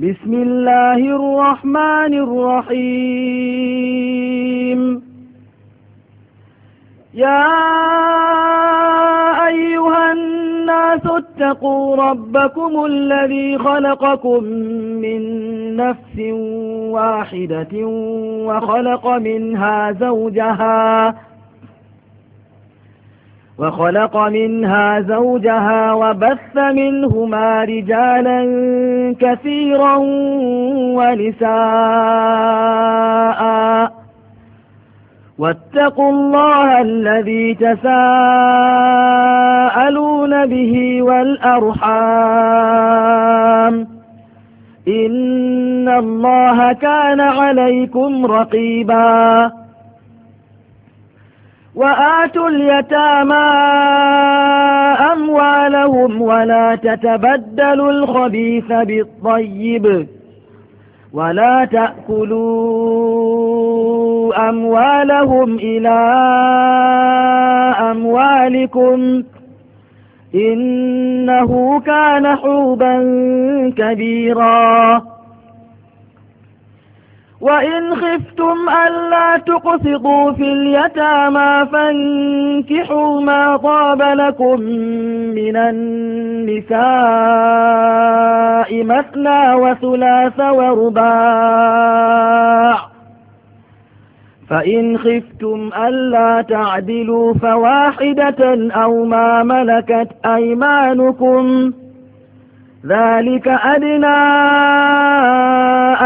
بسم الله الرحمن الرحيم يا أيها الناس اتقوا ربكم الذي خلقكم من نفس واحدة وخلق منها زوجها وخلق منها زوجها وبث منهما رجالا كثيرا ونساء واتقوا الله الذي تساءلون به والأرحام إن الله كان عليكم رقيباً وآتوا اليتامى أموالهم ولا تتبدلوا الخبيث بالطيب ولا تأكلوا أموالهم إلى أموالكم إنه كان حوبا كبيراً وإن خفتم ألا تقسطوا في اليتامى فانكحوا ما طاب لكم من النساء مثنى وثلاث ورباع فإن خفتم ألا تعدلوا فواحدة أو ما ملكت أيمانكم ذلك أدنى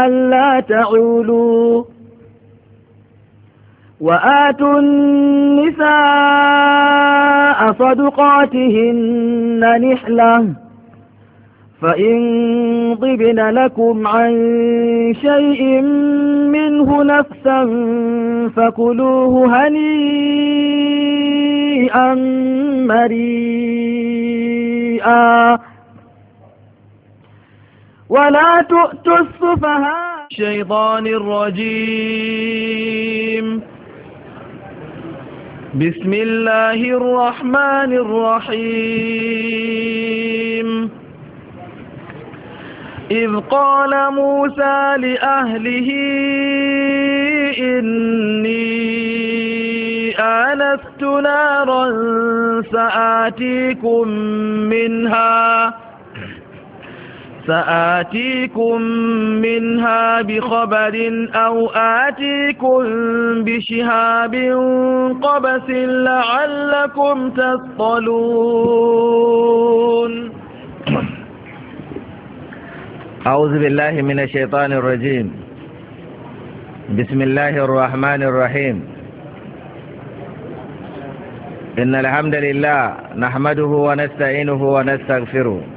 ألا تعولوا وآتوا النساء صدقاتهن نحلة فإن ضبن لكم عن شيء منه نفسا فكلوه هنيئا مريئا ولا تؤتوا السفهاء الشيطان الرجيم بسم الله الرحمن الرحيم إذ قال موسى لأهله إني آنست نارا سآتيكم منها سآتيكم منها بخبر أو آتيكم بشهاب قبس لعلكم تصطلون أعوذ بالله من الشيطان الرجيم بسم الله الرحمن الرحيم إن الحمد لله نحمده ونستعينه ونستغفره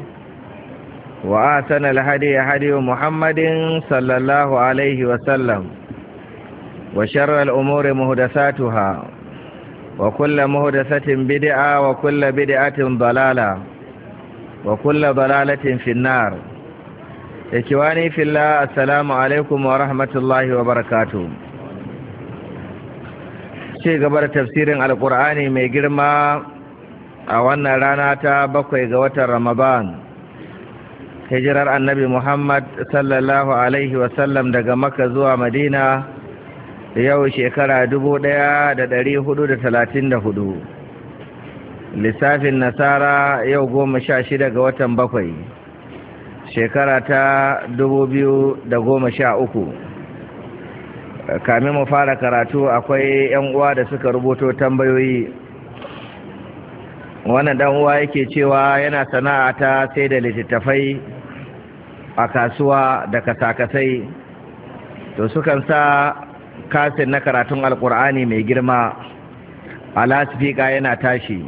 وآسن الهدي هدي محمد صلى الله عليه وسلم وشر الأمور مهدساتها وكل مهدسة بدعة وكل بدعة ضلالة وكل ضلالة في النار إخواني في الله السلام عليكم ورحمة الله وبركاته ce gaba da tafsirin alkur'ani mai girma a wannan rana ta bakwai ga watan ramadan hijirar annabi muhammad sallallahu alaihi wasallam daga maka zuwa madina yau shekara dubu ɗaya da dari hudu da talatin da hudu lissafin nasara yau goma sha shida ga watan bakwai shekara ta dubu biyu da goma sha uku kamin mu fara karatu akwai 'yan uwa da suka rubuto tambayoyi wannan dan uwa yake cewa yana sana'a ta sai da littattafai a kasuwa da kasakasai to sukan sa kasin na karatun alkur'ani mai girma a lasifika yana tashi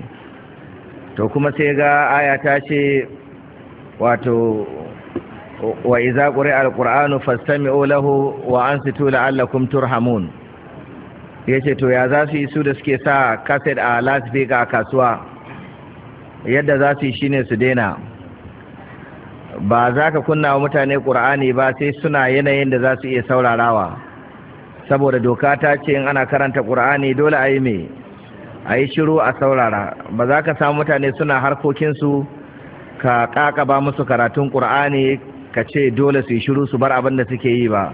to kuma sai ga aya ta ce wato wa iza ƙuri alkur'anu fastami'u olahu wa an situ la'allakum turhamun ya ce to ya za su yi su da suke sa kaset a lasifika a kasuwa yadda za su yi shine su daina ba za ka kunna wa mutane ƙur'ani ba sai suna yanayin da za su iya saurarawa saboda doka ta ce in ana karanta ƙur'ani dole a yi me a yi shiru a saurara ba za ka samu mutane suna harkokinsu ka ba musu karatun ƙur'ani ka ce dole su yi shiru su bar abin da suke yi ba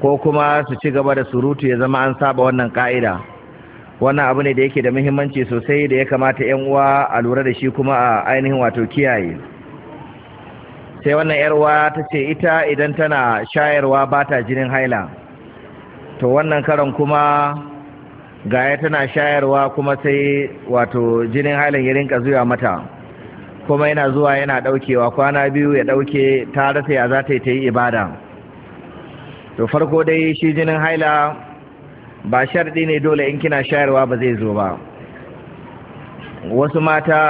ko kuma su ci gaba da surutu ya zama an saba wannan ƙa'ida wannan abu ne da yake da muhimmanci sosai da ya kamata 'yan uwa a lura da shi kuma a ainihin wato kiyaye sai wannan yarwa ta ce ita idan tana shayarwa ba ta jinin haila to wannan karan kuma gaya tana shayarwa kuma sai wato jinin hailan ya rinka zuwa mata kuma yana zuwa yana daukewa kwana biyu ya dauke ta rasa ya za ta yi ta yi ibada to farko dai shi jinin haila ba sharɗi ne dole in kina shayarwa ba zai zo ba wasu mata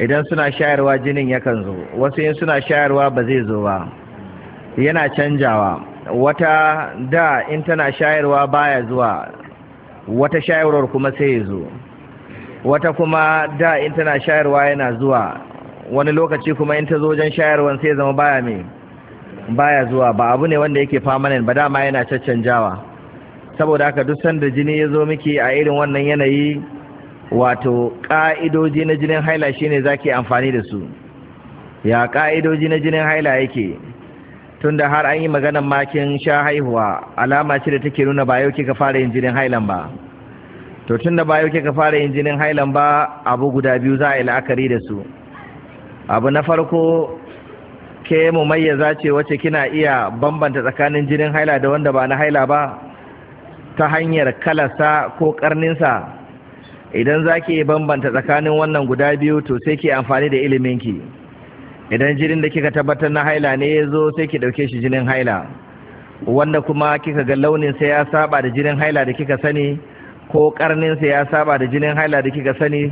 idan suna shayarwa jinin yakan zo wasu yin suna shayarwa ba zai zo ba yana canjawa wata da in tana shayarwa baya zuwa wata shayarwar kuma sai ya zo wata kuma da in tana shayarwa yana zuwa wani lokaci kuma in ta zo wajen shayarwar sai zama baya mai baya zuwa ba abu ne wanda yake permanent ba dama yana caccanjawa saboda haka duk sanda jini ya zo miki a irin wannan yanayi wato ƙa'idoji na jinin haila shine za amfani da su ya ƙa'idoji na jinin haila yake tunda har an yi maganan makin sha haihuwa alama ce da take nuna ba yau kika fara yin jinin hailan ba to tunda ba yau kika fara yin jinin hailan ba abu guda biyu za a yi la'akari da su abu na farko ke mu mayyaza ce wace kina iya bambanta tsakanin jinin haila da wanda ba na haila ba ta hanyar kalasa ko karninsa idan za ki bambanta tsakanin wannan guda biyu to sai ki amfani da iliminki idan jinin da kika tabbatar na haila ne ya zo sai ki ɗauke shi jinin haila wanda kuma kika ga launinsa ya saba da jinin haila da kika sani ko karninsa ya saba da jinin haila da kika sani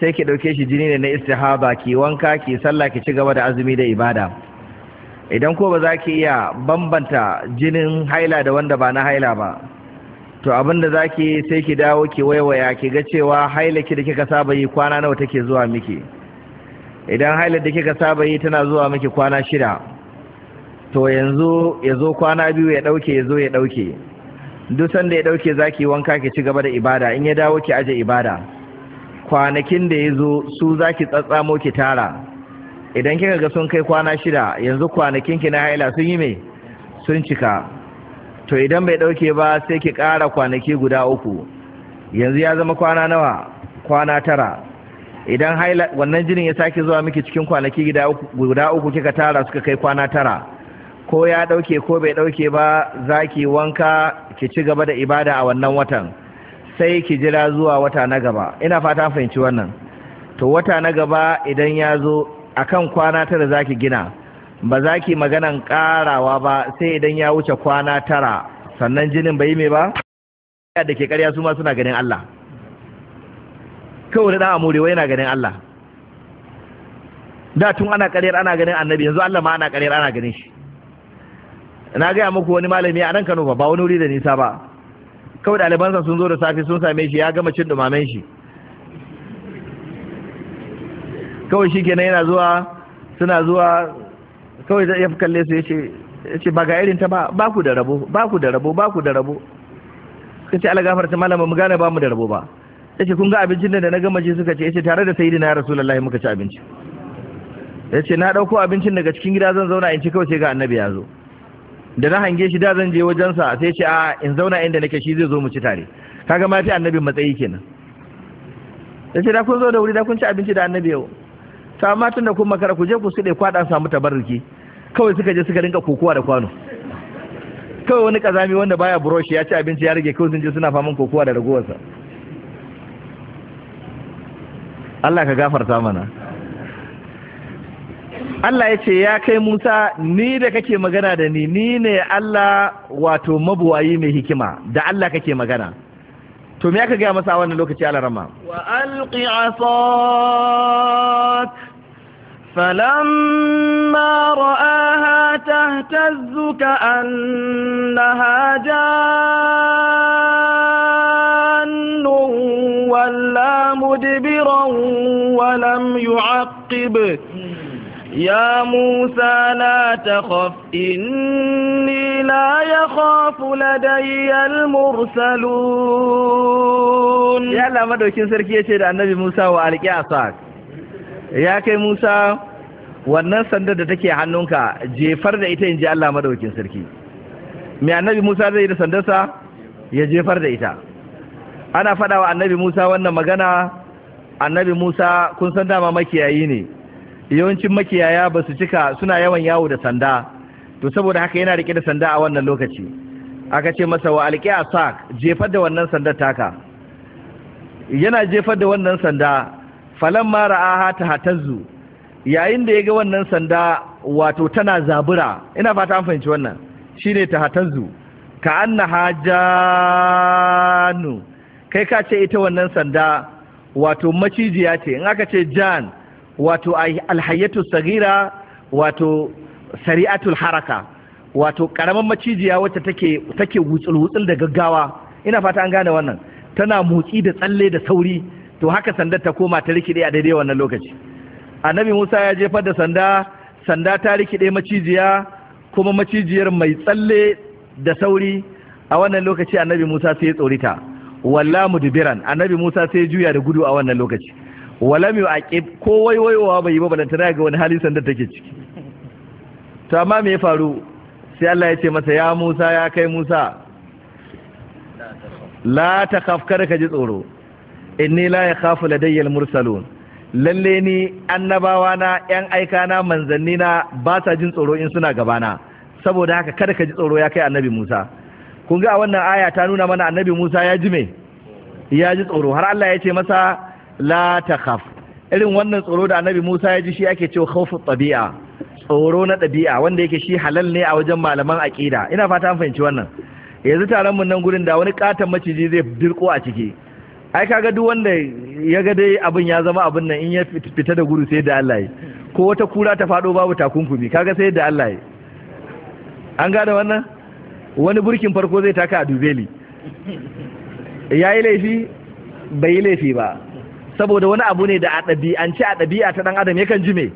sai ki ɗauke shi jini ne na istihaba ki wanka ki sallah ki ci gaba da azumi da ibada idan ko ba za ki iya bambanta jinin haila da wanda ba na haila ba to da za ki sai ki dawo ki waiwaya ki ga cewa hailaki da kika saba yi kwana nawa take zuwa miki idan hailar da kika saba yi tana zuwa miki kwana shida to yanzu ya zo kwana biyu ya ɗauke ya zo ya ɗauke duk sanda ya ɗauke za ki wanka ki ci gaba da ibada in ya dawo ki aje ibada kwanakin da ya zo su za ki tsatsamo ki tara idan kika ga sun kai kwana shida yanzu kwanakin ki na haila sun yi me sun cika to idan bai ɗauke ba sai ki ƙara kwanaki guda uku yanzu ya zama kwana nawa kwana tara idan haila wannan jinin ya sake zuwa miki cikin kwanaki guda uku kika tara suka kai kwana tara ko ya ɗauke ko bai ɗauke ba za ki wanka ki ci gaba da ibada a wannan watan sai ki jira zuwa wata na gaba ina fata fahimci wannan to wata na gaba idan ya zo akan kwana tara za ki gina ba za ki maganan karawa ba sai idan ya wuce kwana tara sannan jinin bai yi mai ba da ke karya su ma suna ganin Allah kawai da amure wai na ganin Allah da tun ana karyar ana ganin annabi yanzu Allah ma ana karyar ana ganin shi na gaya muku wani malami a nan Kano ba ba wani wuri da nisa ba kawai ɗalibansa sun zo da safe sun same shi ya gama cin dumamen shi kawai shi kenan yana zuwa suna zuwa kawai zai ya fi kalle su ya ce ba ga irin ta ba ba ku da rabo ba ku da rabo ba ku da rabo ka ce alagafar ta malama mu gane ba mu da rabo ba ya ce kun ga abincin da na gama ji suka ce ya ce tare da sayidi na lallahi muka ci abinci ya ce na ɗauko abincin daga cikin gida zan zauna in ci kawai sai ga annabi ya zo da na hange shi da zan je wajensa sai ce a in zauna inda nake shi zai zo mu ci tare kaga ma fi annabi matsayi kenan ya ce da kun zo da wuri da kun ci abinci da annabi yau ta matan da kun makara ku je ku suɗe kwaɗa samu tabarruki kawai suka je suka rinka kokowa da kwano kawai wani kazami wanda baya brush ya ci abinci ya rage kawai sun je suna faman kokowa da ragowarsa Allah ka gafarta mana Allah ya ce ya kai Musa ni da kake magana da ni ni ne Allah wato mabuwayi mai hikima da Allah kake magana to me aka gaya masa a wannan lokaci alarama wa alqi asat asak فلما رآها تهتز كأنها جان ولا مدبرا ولم يعقب Ya Musa يا موسى لا تخف إني لا يخاف لدي المرسلون يا الله مدوكين سركي يشهد النبي موسى وعليك عصاك ya kai Musa wannan sandar da take hannunka jefar da ita in ji Allah madaukin sarki mai annabi Musa zai yi da sandarsa ya jefar da ita ana faɗawa wa annabi Musa wannan magana annabi Musa kun san dama makiyayi ne yawancin makiyaya ba su cika suna yawan yawo da sanda to saboda haka yana rike da sanda a wannan lokaci aka ce masa wa alƙi a sak jefar da wannan sanda taka yana jefar da wannan sanda falan mara aha ta hatazzu yayin da ya ga wannan sanda wato tana zabura ina fata an fahimci wannan shine ta hatazzu ka anna hajanu kai ka ce ita wannan sanda wato macijiya ce in aka ce jan wato alhayyatu sagira wato sari'atul haraka wato karamar macijiya wacce take take wutsul wutsul da gaggawa ina fata an gane wannan tana motsi da tsalle da sauri to haka sandar ta koma ta rikide a daidai wannan lokaci annabi Musa ya jefar da sanda sanda ta rikide macijiya kuma macijiyar mai tsalle da sauri a wannan lokaci annabi Musa sai ya tsorita walla mudbiran annabi Musa sai ya juya da gudu a wannan lokaci walam yu'aqib ko waiwaiwa bai yi ba balanta ga wani hali sanda take ciki to amma me ya faru sai Allah ya ce masa ya Musa ya kai Musa la takhaf kada ka ji tsoro inni la yakhafu ladayya al-mursalun lalle ni annabawa na yan aika na manzanni na ba sa jin tsoro in suna gabana saboda haka kada ka ji tsoro ya kai annabi Musa kun ga a wannan aya ta nuna mana annabi Musa ya ji me ya ji tsoro har Allah ya ce masa la ta khaf irin wannan tsoro da annabi Musa ya ji shi ake cewa khawfu tabi'a tsoro na ɗabi'a wanda yake shi halal ne a wajen malaman aqida ina fata an fahimci wannan yanzu taron mun nan gurin da wani katan maciji zai dirko a ciki ai kaga duk wanda ya ga dai abin ya zama abin nan in ya fita da gudu sai da Allah yi ko wata kura ta fado babu takunkumi kaga sai da Allah yi an gane wannan wani burkin farko zai taka a dubeli ya yi laifi bai yi laifi ba saboda wani abu ne da a ɗabi'ance a ɗabi'a ta ɗan adam yakan ji me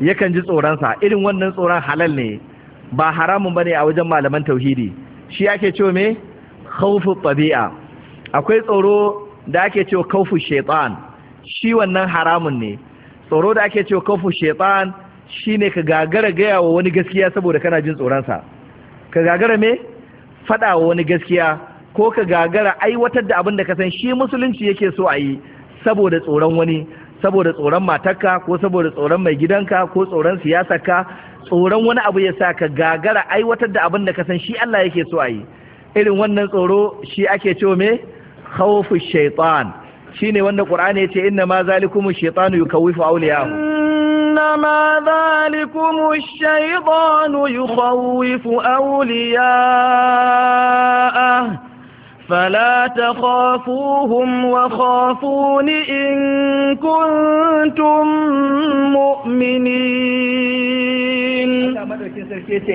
yakan ji tsoronsa irin wannan tsoron halal ne ba haramun ba ne a wajen malaman tauhidi shi ake ce me khawfu tabi'a akwai tsoro da ake ce khawfu shaitan shi wannan haramun ne tsoro da ake ce khawfu shaitan shine ka gagara gaya wa wani gaskiya saboda kana jin tsoronsa ka gagara me faɗa wa wani gaskiya ko ka gagara aiwatar da abin da ka san shi musulunci yake so a yi saboda tsoron wani saboda tsoron matarka ko saboda tsoron mai gidanka ko tsoron siyasarka tsoron wani abu ya sa ka gagara aiwatar da abin da ka san shi Allah yake so a yi irin wannan tsoro shi ake cewa me khawfu shaitan shine wanda qur'ani yace inna ma zalikumu shaytanu yukawwifu awliyahu inna ma zalikumu shaytanu awliyahu فلا تخافوهم وخافون إن كنتم مؤمنين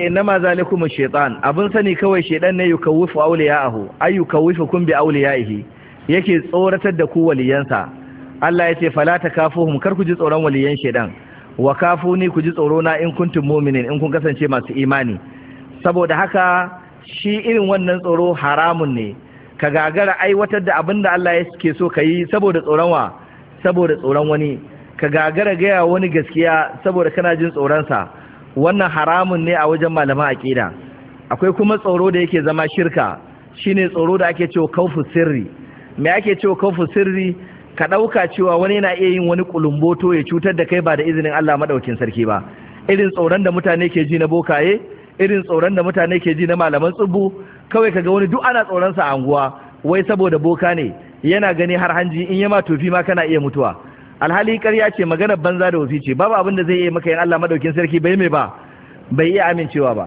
إنما ذلكم الشيطان أبن سني كوي شيطان يكوف أولياءه أي يكوفكم بأوليائه yake tsoratar da ku waliyansa Allah ya ce fala kar ku ji tsoron waliyan shedan wa kafuni ku ji tsoro na in kuntum mu'minin in kun kasance masu imani saboda haka shi irin wannan tsoro haramun ne ka gagara aiwatar da abin da Allah ya ke so ka yi saboda tsoron wa saboda tsoron wani ka gagara gaya wani gaskiya saboda kana jin tsoronsa wannan haramun ne a wajen malaman aƙida akwai kuma tsoro da yake zama shirka shine tsoro da ake cewa kaufu sirri me ake cewa kaufu sirri ka ɗauka cewa wani yana iya yin wani kulumboto ya cutar da kai ba da izinin Allah maɗaukin sarki ba irin tsoron da mutane ke ji na bokaye irin tsoron da mutane ke ji na malaman tsubu kawai kaga wani duk ana tsoronsa a anguwa wai saboda boka ne yana gani har hanji in yama tofi ma kana iya mutuwa alhali ƙarya ce maganar banza da wasi ce babu abin da zai iya maka yin Allah madaukin sarki bai mai ba bai iya amincewa ba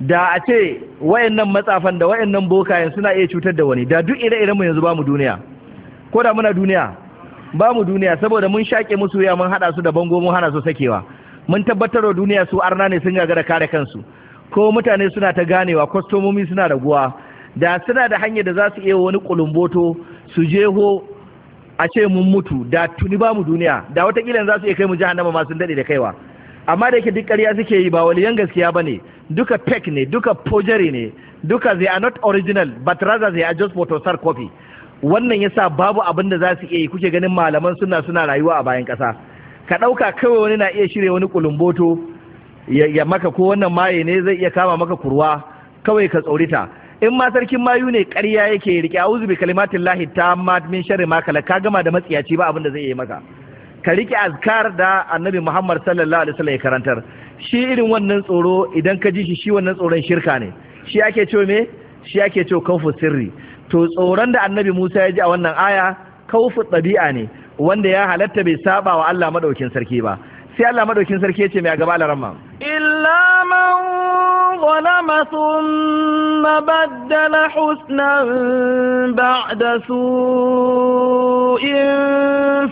da a ce wayannan matsafan da wayannan bokayen suna iya cutar da wani da duk ire-iren mu yanzu ba mu duniya ko da muna duniya ba mu duniya saboda mun shaƙe musu ya mun haɗa su da bango mun hana su sakewa mun tabbatar da duniya su arna ne sun gagara kare kansu ko mutane suna ta ganewa kwastomomi suna raguwa da suna da hanyar da za su iya wani kulumboto su jeho a ce mun mutu da tuni ba mu duniya da watakila za su iya kai mu jahannama ma sun daɗe da kaiwa amma da yake duk ƙarya suke yi ba waliyan gaskiya ba ne duka pek ne duka pojari ne duka they are not original but rather they are just photosar copy wannan yasa babu abin da za su iya yi kuke ganin malaman suna suna rayuwa a bayan ƙasa ka ɗauka kawai wani na iya shirya wani kulumboto ya maka ko wannan maye ne zai iya kama maka kurwa kawai ka tsorita in ma sarkin mayu ne ƙarya yake rike a'udhu bi kalimatin lahi tammat min sharri ma kala ka gama da matsiyaci ba abin da zai yi maka ka rike azkar da annabi Muhammad sallallahu alaihi wasallam ya karantar shi irin wannan tsoro idan ka ji shi shi wannan tsoron shirka ne shi ake ce me shi ake ce kaufu sirri to tsoron da annabi Musa ya ji a wannan aya kaufu ɗabi'a ne wanda ya halatta bai saba wa Allah madaukin sarki ba sai Allah madaukin sarki ya ce mai a gaba laramma illa man zalama thumma baddala husnan ba'da su'in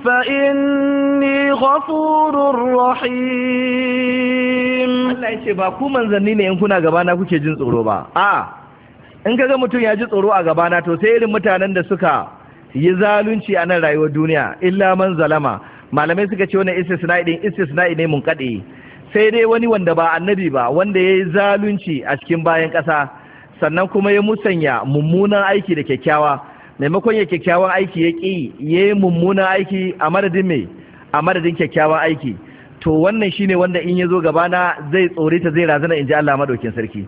fa inni ghafurur rahim Allah ya ce ba ku manzanni ne in kuna gaba na kuke jin tsoro ba a in kaga mutum ya ji tsoro a gaba na to sai irin mutanen da suka yi zalunci a nan rayuwar duniya illa man zalama malamai suka ce wannan istisna'i din istisna'i ne munkade sai dai wani wanda ba annabi ba wanda ya yi zalunci a cikin bayan ƙasa sannan kuma ya musanya mummunan aiki da kyakkyawa maimakon ya kyakkyawan aiki ya ƙi yi mummunan aiki a madadin mai a madadin kyakkyawan aiki to wannan shine wanda in ya zo na zai tsorita zai razana in ji Allah madaukin sarki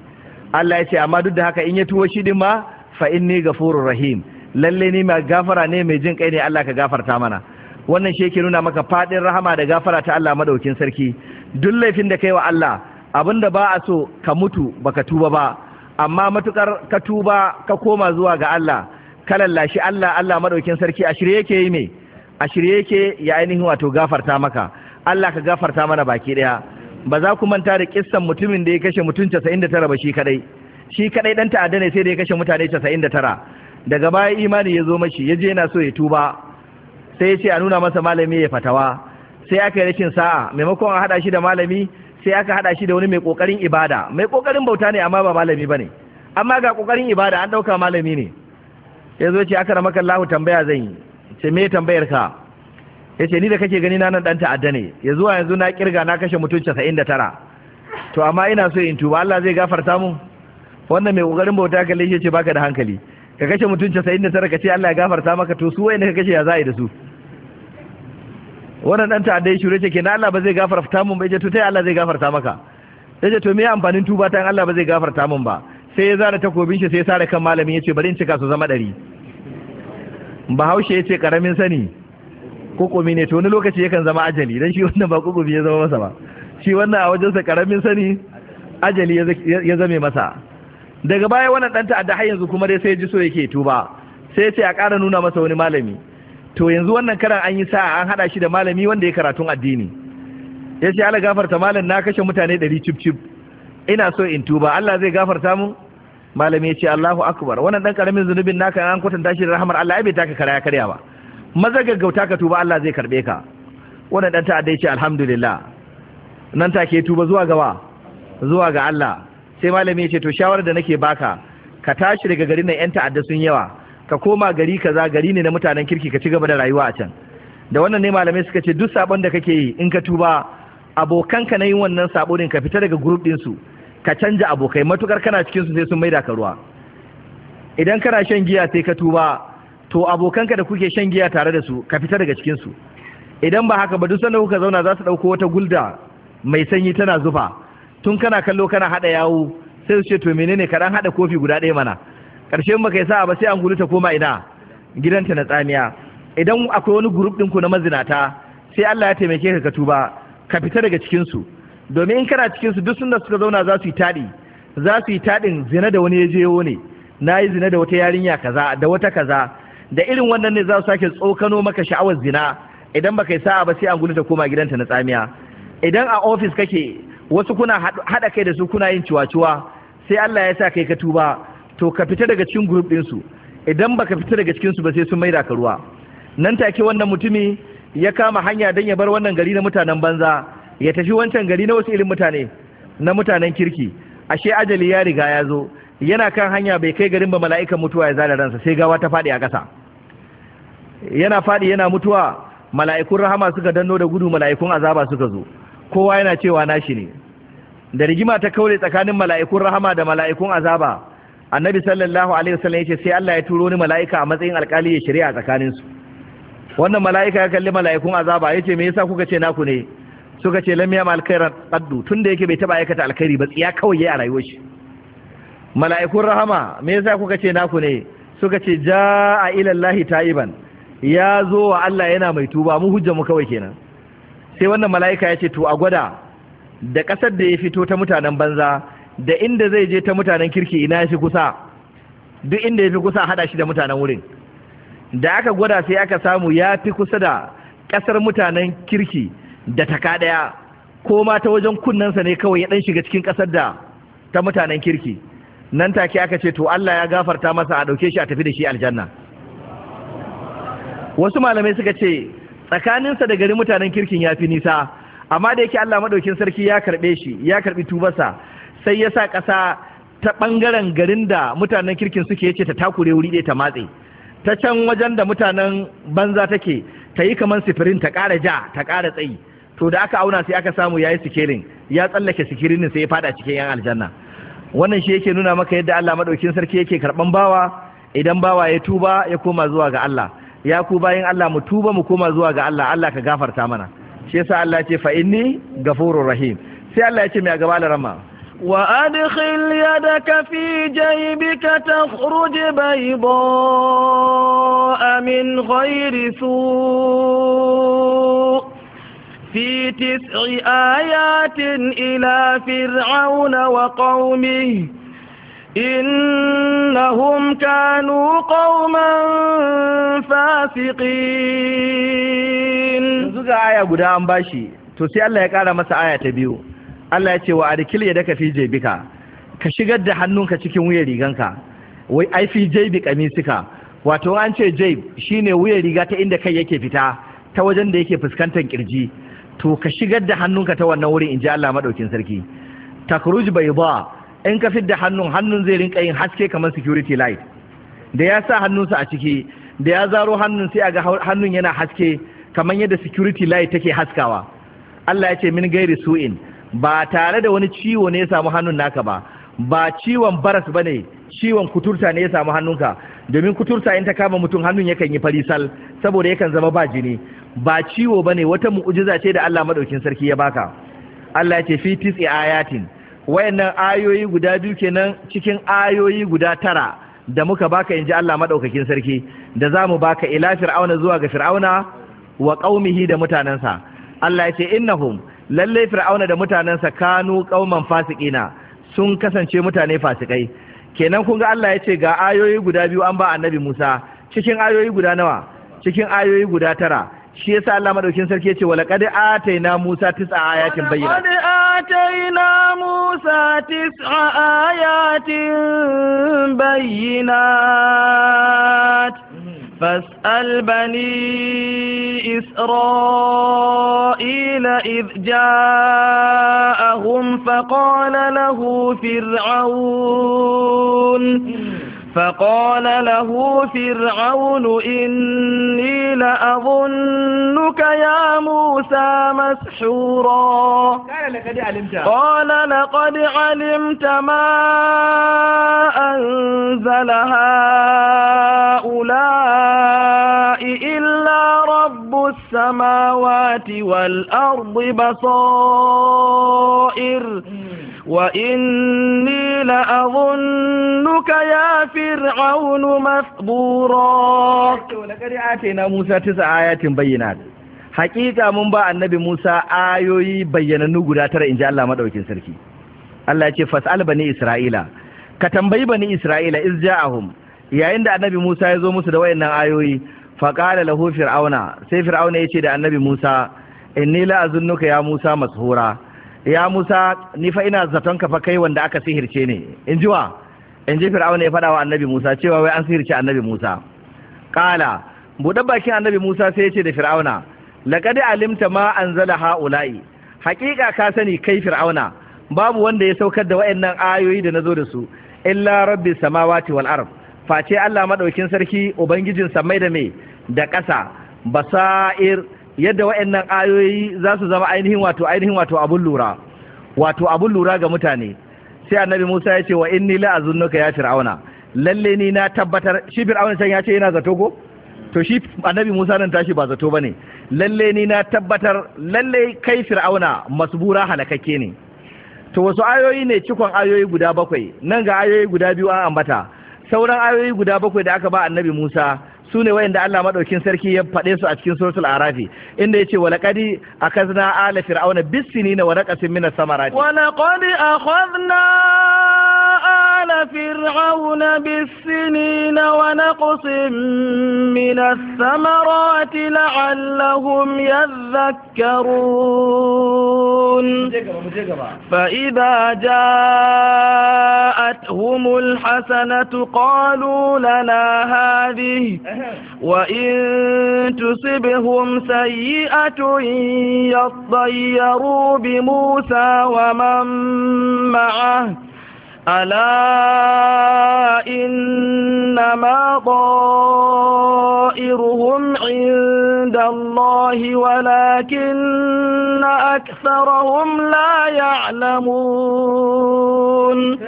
Allah ya ce amma duk da haka in ya tuwo shi din ma fa inni ghafurur rahim lalle ni mai gafara ne mai jin kai ne Allah ka gafarta mana wannan shi yake nuna maka fadin rahama da gafara ta Allah madaukin sarki duk laifin da kai wa Allah abinda ba a so ka mutu baka tuba ba amma matukar ka tuba ka koma zuwa ga Allah ka lallashi Allah Allah madaukin sarki a shirye yake yi me a shirye yake ya ainihin wato gafarta maka Allah ka gafarta mana baki daya ba za ku manta da kissan mutumin da ya kashe mutum 99 ba shi kadai shi kadai dan ta'adda ne sai da ya kashe mutane 99 daga baya imani ya zo mashi ya je yana so ya tuba sai ya ce a nuna masa malami ya fatawa sai aka yi rashin sa'a maimakon a haɗa shi da malami sai aka haɗa shi da wani mai ƙoƙarin ibada mai ƙoƙarin bauta ne amma ba malami ba ne amma ga ƙoƙarin ibada an ɗauka malami ne ya zo ce aka ramaka lahu tambaya zan yi ce me tambayar ka ya ce ni da kake gani na nan dan ta'adda ne ya zuwa yanzu na ƙirga na kashe mutum casa'in da tara to amma ina so in tuba Allah zai gafarta mu wannan mai ƙoƙarin bauta ka laishe ce baka da hankali ka kashe mutum casa'in da tara ka ce Allah ya gafarta maka to su wai ne ka kashe ya za'a da su wannan dan ta'adda ya shure ce na Allah ba zai gafarta mun ba yace to Allah zai gafarta maka yace to me amfanin tuba ta Allah ba zai gafarta mun ba sai ya zara takobin shi sai ya sare kan malamin yace bari in cika su zama ɗari bahaushe yace karamin sani kokumi ne to wani lokaci yakan zama ajali dan shi wannan ba kokobi ya zama masa ba shi wannan a wajensa karamin sani ajali ya zame masa daga baya wannan dan ta'adda har yanzu kuma dai sai ya ji so yake tuba sai ya ce a ƙara nuna masa wani malami to yanzu wannan karan an yi sa'a an hada shi da malami wanda ya karatun addini ya ce ala gafarta malam na kashe mutane ɗari cip cip ina so in tuba Allah zai gafarta mun malami ya ce Allahu akbar wannan dan karamin zunubin naka an kwatanta shi da rahmar Allah ai bai taka karaya karya ba maza gaggauta ka tuba Allah zai karbe ka wannan dan ta'adda ya ce alhamdulillah nan take tuba zuwa gawa zuwa ga Allah sai malami ya ce to shawarar da nake baka ka tashi daga garin nan yan ta'adda sun yawa ka koma gari kaza gari ne na mutanen kirki ka ci gaba da rayuwa a can da wannan ne malamai suka ce duk sabon da kake yi in ka tuba abokanka na yin wannan sabo ka fita daga group din su ka canja abokai matukar kana cikin su sai sun maida ka ruwa idan kana shan giya sai ka tuba to abokanka da kuke shan giya tare da su ka fita daga cikin su idan ba haka ba duk sanda kuka zauna za su dauko wata gulda mai sanyi tana zufa tun kana kallo kana hada yawo sai su ce to menene ka dan hada kofi guda ɗaya mana ƙarshen baka yi sa ba sai an gudu ta koma ina gidanta na tsamiya idan akwai wani group ɗinku na mazinata sai Allah ya taimake ka ka tuba ka fita daga cikin su domin in kana cikin su duk sun da suka zauna za su yi taɗi za su yi taɗin zina da wani ya je ne na yi zina da wata yarinya kaza da wata kaza da irin wannan ne za su sake tsokano maka sha'awar zina idan baka yi sa'a ba sai an gudu ta koma gidanta na tsamiya idan a ofis kake wasu kuna haɗa kai da su kuna yin ciwa-ciwa sai Allah ya sa kai ka tuba to ka fita daga cikin group su idan baka fita daga cikin su ba sai sun maida ka ruwa nan take wannan mutumi ya kama hanya dan ya bar wannan gari na mutanen banza ya tafi wancan gari na wasu irin mutane na mutanen kirki ashe ajali ya riga ya zo yana kan hanya bai kai garin ba mala'ikan mutuwa ya zana ransa sai gawa ta faɗi a ƙasa yana faɗi yana mutuwa mala'ikun rahama suka danno da gudu mala'ikun azaba suka zo kowa yana cewa nashi ne da rigima ta kaure tsakanin mala'ikun rahama da mala'ikun azaba annabi sallallahu alaihi wasallam yace sai Allah ya turo ni mala'ika a matsayin alƙali ya shari'a tsakanin su wannan mala'ika ya kalli mala'ikun azaba yace me yasa kuka ce naku ne suka ce lam yamal khairan qaddu tunda yake bai taba aikata alkhairi ba tsiya kawai yayi a rayuwar shi mala'ikun rahama me yasa kuka ce naku ne suka ce jaa ila Allah ta'iban ya zo wa Allah yana mai tuba mu hujja mu kawai kenan sai wannan mala'ika ya ce to a gwada da kasar da ya fito ta mutanen banza da inda zai je ta mutanen kirki ina ya fi kusa duk inda ya fi kusa hada shi da mutanen wurin da aka gwada sai aka samu ya fi kusa da kasar mutanen kirki da taka ɗaya ko ma ta wajen kunnensa ne kawai ya ɗan shiga cikin ƙasar da ta mutanen kirki nan take aka ce to Allah ya gafarta masa a ɗauke shi a tafi da shi aljanna wasu malamai suka ce tsakaninsa da gari mutanen kirkin ya fi nisa amma da yake Allah maɗaukin sarki ya karɓe shi ya karɓi tubarsa sai ya sa ƙasa ta ɓangaren garin da mutanen kirkin suke yace ta takure wuri ɗaya ta matse ta can wajen da mutanen banza take ta yi kamar sifirin ta ƙara ja ta ƙara tsayi to da aka auna sai aka samu ya yi sikirin ya tsallake sikirinin sai ya fada cikin yan aljanna wannan shi yake nuna maka yadda Allah madaukin sarki yake karban bawa idan bawa ya tuba ya koma zuwa ga Allah ya ku bayin Allah mu tuba mu koma zuwa ga Allah Allah ka gafarta mana shi yasa Allah ya ce fa inni ghafurur rahim sai Allah ya ce mai gaba da rama وأدخل يدك في جيبك تخرج بيضاء من غير سوء في تسع آيات إلى فرعون وقومه إنهم كانوا قوما فاسقين yanzu ga aya guda an bashi to sai Allah ya Allah ya ce wa ya daka fi jebika ka shigar da hannunka cikin wuyan riganka wai ai fi jaybi qamisika wato an ce jeb shine wuyan riga ta inda kai yake fita ta wajen da yake fuskantar kirji to ka shigar da hannunka ta wannan wurin inji Allah madaukin sarki takruj bayda in ka fidda hannun hannun zai rinka yin haske kamar security light da ya sa hannunsa a ciki da ya zaro hannun sai a ga hannun yana haske kamar yadda security light take haskawa Allah ya ce min gairi su'in ba tare da wani ciwo ne ya samu hannun naka ba ba ciwon baras ba ne ciwon kuturta ne ya samu hannunka domin kuturta in ta kama mutum hannun yakan yi fari sal saboda yakan zama ba jini ba ciwo ba ne wata mu'ujiza ce da Allah maɗaukin sarki ya baka Allah ce fi tis'i ayatin wayannan ayoyi guda biyu kenan cikin ayoyi guda tara da muka baka inji Allah maɗaukakin sarki da zamu baka ila fir'auna zuwa ga fir'auna wa qaumihi da mutanensa Allah ya ce innahum Lallai fir'auna da mutanensa kanu kauman fasikina sun kasance mutane fasikai kenan kun ga Allah ya ce ga ayoyi guda biyu an ba annabi Musa cikin ayoyi guda nawa cikin ayoyi guda tara shi yasa Allah madaukin sarki yace wa qad ataina Musa tis'a ayatin bayyana ataina Musa tis'a ayatin bayyinat فاسأل بني إسرائيل إذ جاءهم فقال له فرعون فقال له فرعون إني لأظنك يا موسى مسحورا قال لقد علمت ما أنزل هؤلاء إلا رب السماوات والأرض بصائر وإني لأظن يأتوك يا فرعون مثبورا لقد آتينا موسى تسع آيات بينات حقيقة من با النبي موسى آيوي بيننو غدا ترى إن جاء الله مدوكين سركي الله يقول فاسأل بني إسرائيل ka tambayi bani Isra'ila iz ja'ahum yayin da annabi Musa ya zo musu da wayannan ayoyi fa qala lahu fir'auna sai fir'auna ya ce da annabi Musa inni la azunnuka ya Musa mashura ya Musa ni fa ina zaton kafa kai wanda aka sihirce ne in jiwa in ji fir'auna ya faɗa wa annabi musa cewa wai an sihirce annabi musa ƙala buɗe bakin annabi musa sai ya ce da fir'auna laqad alimta ma an zala ha'ula'i haƙiƙa ka sani kai fir'auna babu wanda ya saukar da wa'annan ayoyi da na zo da su illa rabbi samawati wal ard face allah maɗaukin sarki ubangijin samai da me da ƙasa basair yadda wa'annan ayoyi za su zama ainihin wato ainihin wato abun lura wato abun lura ga mutane sai annabi Musa ya ce wa inni la azunnuka ya fir'auna lalle ni na tabbatar shi fir'auna can ya ce yana zato ko to shi annabi Musa nan tashi ba zato bane lalle ni na tabbatar lalle kai fir'auna masbura halakakke ne to wasu ayoyi ne cikon ayoyi guda bakwai nan ga ayoyi guda biyu an ambata sauran ayoyi guda bakwai da aka ba annabi Musa su ne wayanda Allah madaukin sarki ya faɗe su a cikin suratul arafi inda yace wa laqad akazna ala fir'auna bisinina wa raqatin min as-samarati wa laqad akhadna ala fir'auna bisinina wa naqsin min as-samarati la'allahum yadhakkarun fa jaa تَأْتِيَهُمُ الْحَسَنَةُ قَالُوا لَنَا هَذِهِ وَإِن تُصِبْهُمْ سَيِّئَةٌ يَطَّيَّرُوا بِمُوسَى وَمَن مَّعَهُ ألا إنما طائرهم عند الله ولكن أكثرهم لا يعلمون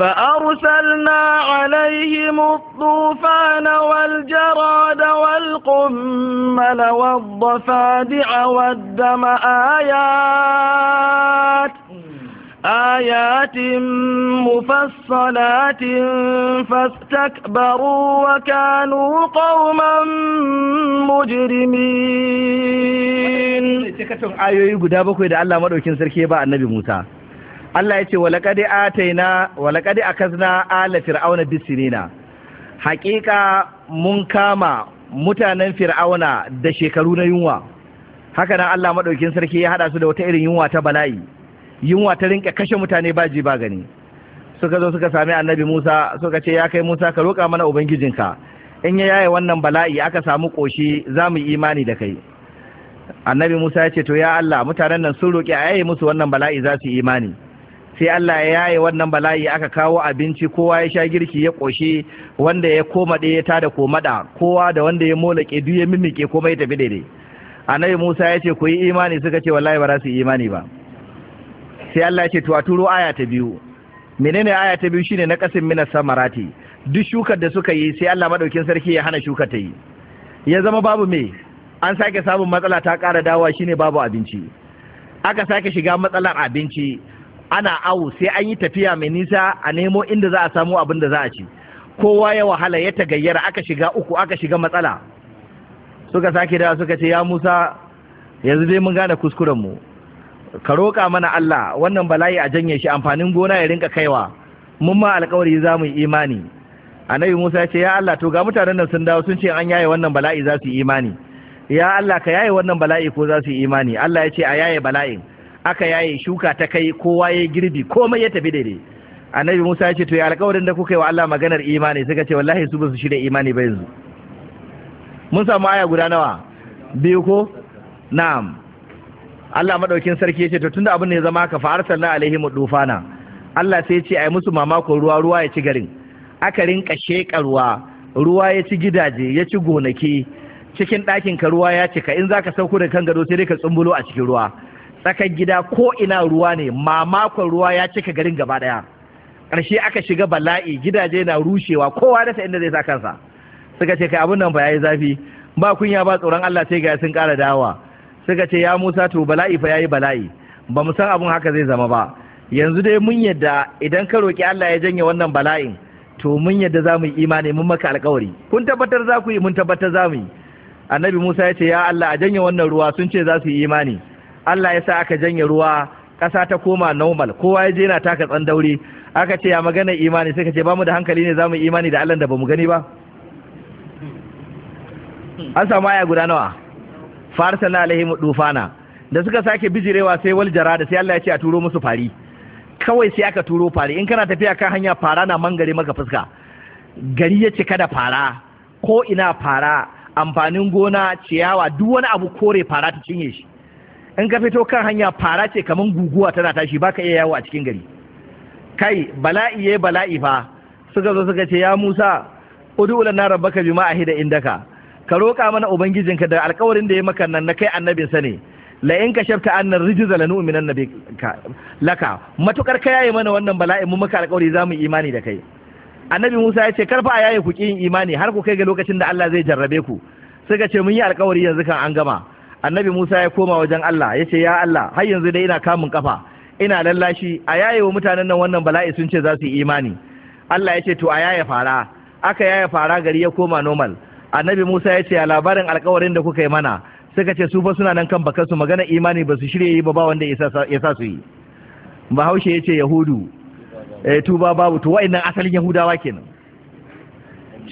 فأرسلنا عليهم الطوفان والجراد والقمل والضفادع والدم آيات آيات مفصلات فاستكبروا وكانوا قوما مجرمين. Cikakon ayoyi guda bakwai da Allah maɗaukin sarki ba annabi Musa. Allah ya ce wa laƙadi a akazna ala fir'auna bisirina haƙiƙa mun kama mutanen fir'auna da shekaru na yunwa haka nan Allah maɗaukin sarki ya haɗa su da wata irin yunwa ta bala'i yunwa ta rinƙa kashe mutane ji ba gani suka zo suka sami annabi Musa suka ce ya kai Musa ka roƙa mana ubangijinka in ya yaye wannan bala'i aka samu ƙoshi za mu imani da kai annabi Musa ya ce to ya Allah mutanen nan sun roƙi a yaye musu wannan bala'i za su imani sai Allah ya yaye wannan bala'i aka kawo abinci kowa ya sha girki ya ƙoshe, wanda ya koma ɗaya ya tada komada kowa da wanda ya molake duk ya mimike komai tafi daidai annabi Musa ya ce ku yi imani suka ce wallahi ba za su yi imani ba sai Allah ya ce to a turo aya ta biyu menene aya ta biyu shine na kasin mina samarati duk shukar da suka yi sai Allah madaukin sarki ya hana shukar ta yi ya zama babu me an sake samun matsala ta ƙara dawa shine babu abinci aka sake shiga matsalar abinci ana awo sai an yi tafiya mai nisa a nemo inda za a samu abin da za a ci kowa ya wahala ya tagayyara aka shiga uku aka shiga matsala suka sake da suka ce ya musa yanzu dai mun gane kuskurenmu ka roƙa mana allah wannan bala'i a janye shi amfanin gona ya rinka kaiwa mun ma alƙawari za mu yi imani annabi musa ya ce ya allah to ga mutanen nan sun dawo sun ce an yaye wannan bala'i za su yi imani ya allah ka yaye wannan bala'i ko za su yi imani allah ya ce a yaye bala'in aka yaye shuka ta kai kowa ya girbi komai ya tafi daidai annabi musa ya ce to ya alƙawarin da kuka yi wa allah maganar imani suka ce wallahi su basu shirya imani ba yanzu mun samu aya guda nawa biyu ko na'am allah madaukin sarki ya ce to tunda abin ne ya zama ka fa arsalna alaihim dufana allah sai ya ce ayi musu mamakon ruwa ruwa ya ci garin aka rinka sheƙa ruwa ruwa ya ci gidaje ya ci gonaki cikin ɗakin ka ruwa ya cika in zaka sauko da kan gado sai dai ka tsumbulo a cikin ruwa tsakar gida ko ina ruwa ne mamakon ruwa ya cika garin gaba daya ƙarshe aka shiga bala'i gidaje na rushewa kowa rasa inda zai sa kansa suka ce kai abun nan fa yayi zafi ba kunya ba tsoron Allah sai ga sun ƙara dawa suka ce ya Musa to bala'i fa yayi bala'i ba mu san abun haka zai zama ba yanzu dai mun yadda idan ka roki Allah ya janye wannan bala'in to mun yadda za mu yi imani mun maka alkawari kun tabbatar za ku yi mun tabbatar za mu yi annabi Musa ya ce ya Allah a janye wannan ruwa sun ce za su yi imani Allah ya sa aka janye ruwa ƙasa ta koma normal kowa ya je na taka daure aka ce ya magana imani sai ka ce ba mu da hankali ne za mu imani da Allah da ba mu gani ba an samu aya guda nawa na alaihim dufana da suka sake bijirewa sai wal jarada sai Allah ya ce a turo musu fari kawai sai aka turo fari in kana tafiya kan hanya fara na mangare maka fuska gari ya cika da fara ko ina fara amfanin gona ciyawa duk wani abu kore fara ta cinye shi in ka fito kan hanya fara ce kamar guguwa tana tashi ba ka iya yawo a cikin gari kai bala'i ya bala'i fa suka zo suka ce ya Musa udu lana rabbaka bima ahida indaka ka roƙa mana ubangijinka da alƙawarin da ya maka nan na kai annabin sa ne la in ka shafta annar rijza laka matukar ka yaye mana wannan balai mu maka alƙawari zamu imani da kai annabi Musa ya ce karfa a yaye ku yin imani har ku kai ga lokacin da Allah zai jarrabe ku suka ce mun yi alƙawari yanzu kan an gama annabi Musa ya koma wajen Allah ya ce ya Allah har yanzu dai ina kamun kafa ina lallashi a yaye wa mutanen nan wannan bala'i sun ce za su yi imani Allah ya ce to a yaye fara aka yaye fara gari ya koma normal annabi Musa ya ce a labarin alkawarin da kuka yi mana suka ce su fa suna nan kan bakansu magana imani ba su shirye yi ba ba wanda ya sa su yi bahaushe ya ce yahudu eh tuba babu to wa'annan asalin yahudawa kenan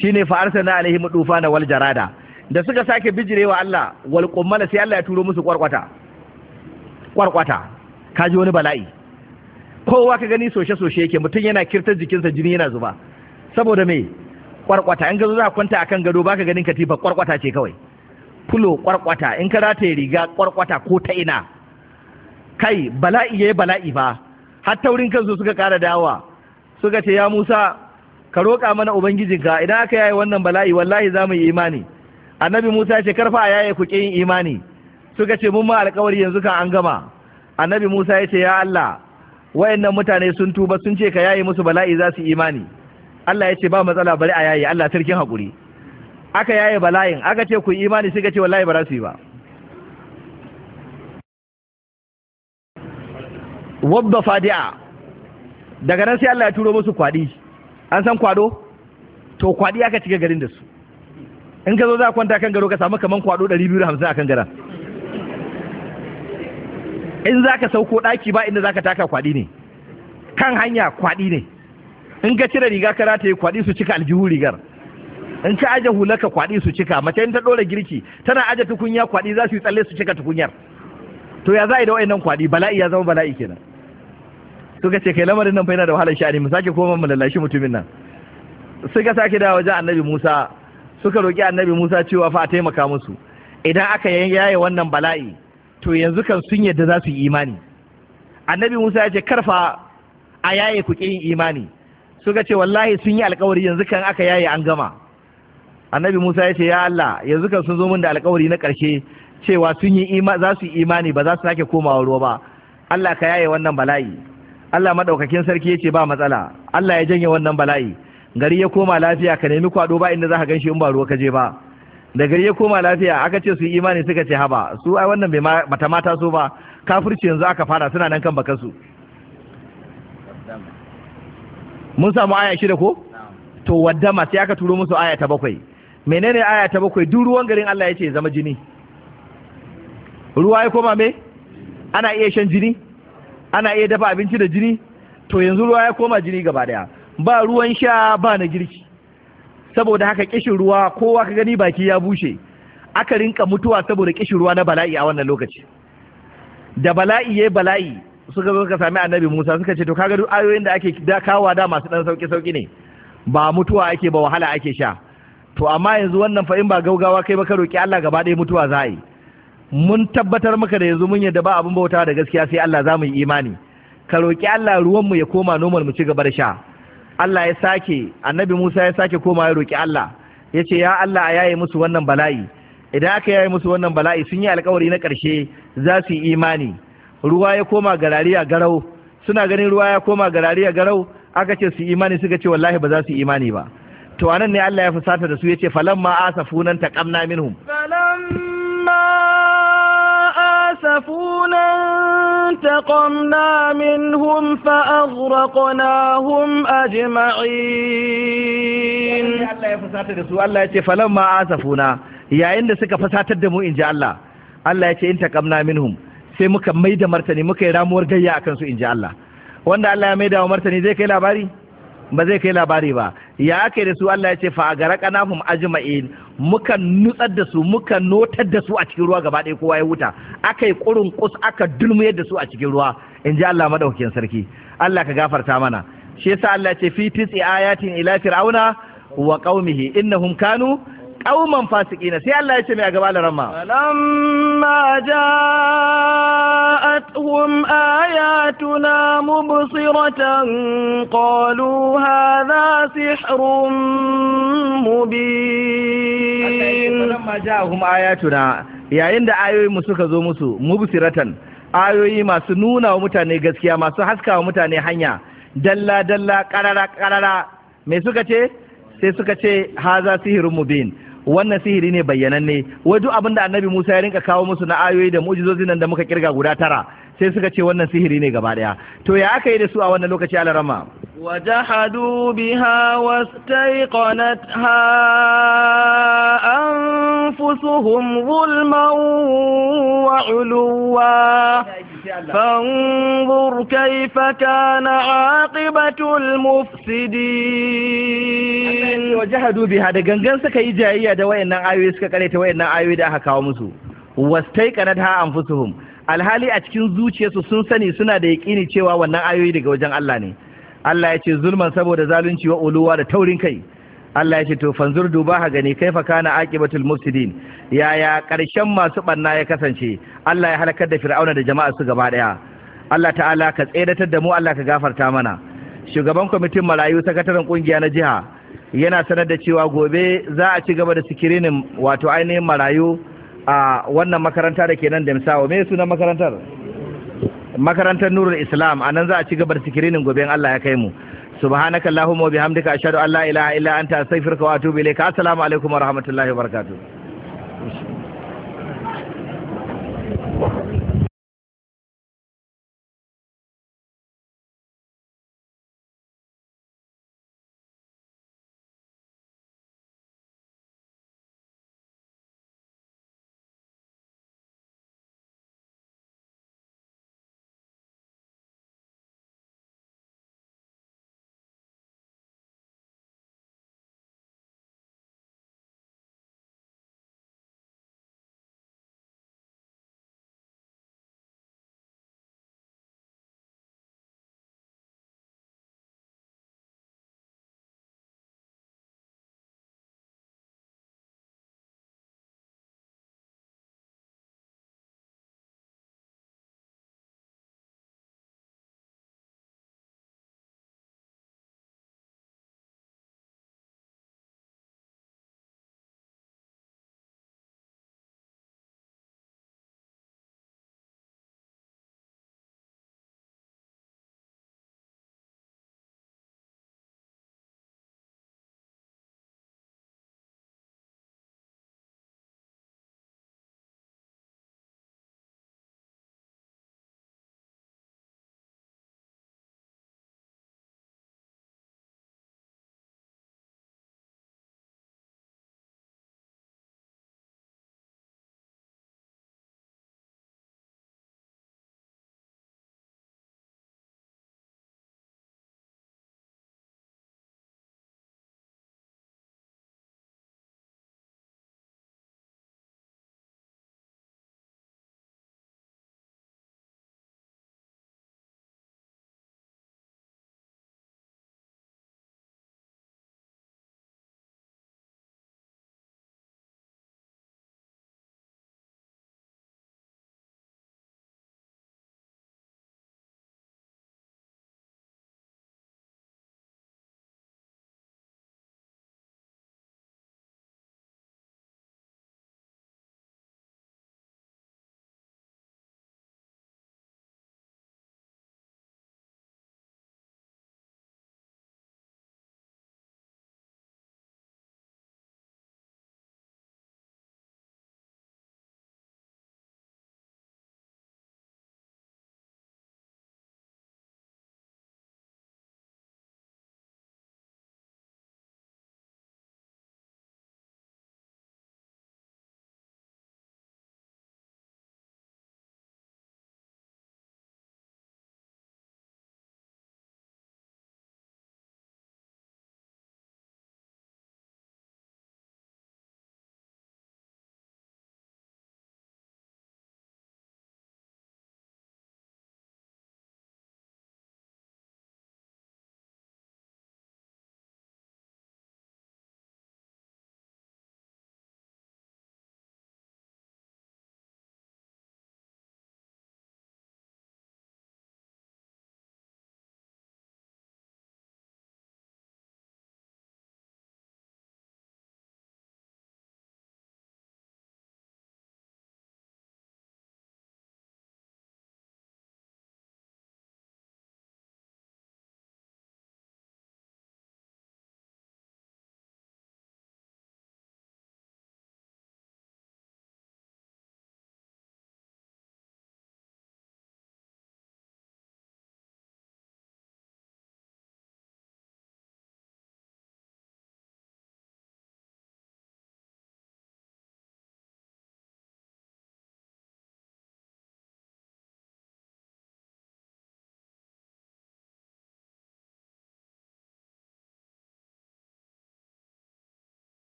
shine fa arsalna alaihim tufana wal jarada da suka sake bijirewa Allah wal qummala sai Allah ya turo musu kwarkwata kwarkwata ji wani bala'i kowa ka gani soshe soshe yake mutum yana kirtar jikinsa jini yana zuba saboda me kwarkwata in ka zo za ka kwanta akan gado baka ganin katifa kwarkwata ce kawai fulo kwarkwata in ka rataye riga kwarkwata ko ta ina kai bala'i yayi bala'i ba har taurin kansu suka kara dawa suka ce ya Musa ka roƙa mana ubangijinka idan aka yayi wannan bala'i wallahi za mu yi imani annabi musa ya ce karfa yaye ku yin imani suka ce mun ma alkawari yanzu kan an gama annabi musa ya ce ya allah wayannan mutane sun tuba sun ce ka yaye musu bala'i za su imani allah ya ce ba matsala bari a yaye allah sarkin hakuri. aka yaye bala'in aka ce ku imani suka ce wallahi ba za su yi ba wabba fadi'a daga nan sai allah ya turo musu kwadi an san kwado to kwadi aka cika garin da su in ka zo za a kwanta kan gado ka samu kaman kwado 250 a kan gada in za ka sauko ɗaki ba inda za ka taka kwaɗi ne kan hanya kwaɗi ne in ka cire riga ka rataye kwaɗi su cika aljihu rigar in ka aje hulaka kwaɗi su cika mace in ta ɗora girki tana aje tukunya kwaɗi za su yi tsalle su cika tukunyar to ya za a yi da wa'annan kwaɗi bala'i ya zama bala'i kenan ka ce kai lamarin nan fa yana da wahalar sha'ani mu sake koma mu lallashi mutumin nan ka sake dawo wajen annabi Musa suka roƙi annabi Musa cewa fa a taimaka musu idan aka yaye wannan bala'i to yanzu kan sun yadda za su yi imani annabi Musa ya ce karfa a yaye ku yin imani suka ce wallahi sun yi alkawari yanzu kan aka yaye an gama annabi Musa ya ce ya Allah yanzu kan sun zo min da alkawari na ƙarshe cewa sun yi za su yi imani ba za su sake komawa ruwa ba Allah ka yaye wannan bala'i Allah madaukakin sarki ya ce ba matsala Allah ya janye wannan bala'i gari ya koma lafiya ka nemi kwado ba inda za ka gan shi in ba ruwa ka je ba da gari ya koma lafiya aka ce su yi imani suka ce haba su ai wannan bai mata mata so ba kafirci yanzu aka fara suna nan kan su, mun samu aya shida ko to waddama sai aka turo musu aya ta bakwai menene aya ta bakwai duk ruwan garin Allah ya ce zama jini ruwa ya koma me ana iya shan jini ana iya dafa abinci da jini to yanzu ruwa ya koma jini gaba daya ba ruwan sha ba na girki saboda haka kishin ruwa kowa ka gani baki ya bushe aka rinka mutuwa saboda kishin ruwa na bala'i a wannan lokaci da bala'i ya bala'i suka zo suka sami annabi Musa suka ce to kaga duk ayoyin da ake da kawa da masu dan sauki sauki ne ba mutuwa ake ba wahala ake sha to amma yanzu wannan fa ba gaugawa kai ba ka roki Allah gaba ɗaya mutuwa za yi mun tabbatar maka da yanzu mun yadda ba abin bautawa da gaskiya sai Allah za mu yi imani ka roki Allah ruwan mu ya koma normal mu ci gaba da sha Allah ya sake annabi Musa ya sake koma ya roki Allah ya ce ya Allah a yaye musu wannan bala'i idan aka yaye musu wannan bala'i sun yi alkawari na ƙarshe za su yi imani ruwa ya koma garari a garau suna ganin ruwa ya koma garari a garau aka ce su imani suka ce wallahi ba za su imani ba to anan ne Allah ya fusata da su ya yace falamma asafunan taqamna minhum falamma asafunan فانتقمنا منهم فأغرقناهم أجمعين الله يفسات رسول الله يتي فلما آسفونا يا إن سك فسات الدمو إن جاء الله الله يتي انتقمنا منهم sai muka mai da martani muka yi ramuwar gayya a kansu in ji Allah wanda Allah ya mai da martani zai kai labari ba zai kai labari ba ya ake da su Allah ya ce fa gara kanahum ajma'in muka nutsar da su muka notar da su a cikin ruwa gaba ɗaya kowa ya huta aka yi ƙurin kus aka dulmuyar da su a cikin ruwa in ji Allah madaukakin sarki Allah ka gafarta mana shi yasa Allah ya ce fi tis'i ayatin ila fir'auna wa qaumihi innahum kanu qauman Fasikina sai Allah ya ce mai a gaba da ramma lamma ja'atuhum ayatuna mubsiratan qalu hadha sihrun mubin lamma ja'ahum ayatuna yayin da ayoyinmu mu suka zo musu mubsiratan ayoyi masu nuna wa mutane gaskiya masu haska wa mutane hanya dalla dalla karara karara me suka ce sai suka ce haza sihirun mubin wannan sihiri ne bayyananne wai duk abin da annabi Musa ya rinka kawo musu na ayoyi da mu'jizozi nan da muka kirga guda tara sai suka ce wannan sihiri ne gaba daya to ya aka yi da su a wannan lokaci alarama وجحدوا بها واستيقنتها أنفسهم ظلما وعلوا فانظر كيف كان عاقبة المفسدين وجحدوا بها da gangan suka yi jayayya da wayannan ayoyi suka kareta wayannan ayoyi da aka kawo musu wastaiqanatha anfusuhum alhali a cikin zuciyarsu sun sani suna da yaƙini cewa wannan ayoyi daga wajen Allah ne Allah ya ce zulman saboda zalunci wa uluwa da taurin kai Allah ya ce to fanzur duba ha gani kaifa kana aqibatul mufsidin yaya karshen masu banna ya kasance Allah ya halakar da fir'auna da jama'a su gaba daya Allah ta'ala ka tsedatar da mu Allah ka gafarta mana shugaban kwamitin marayu sakataren kungiya na jiha yana sanar da cewa gobe za a ci gaba da sikirinin wato ainihin marayu a wannan makaranta da ke nan da misawa me sunan makarantar makarantar nurul islam a nan za a ci gabar sikirinin gobe Allah ya kai mu subhanaka allahumma wa bihamdika ashhadu an la ilaha illa anta astaghfiruka wa atubu ilayka assalamu alaikum wa rahmatullahi wa barakatuh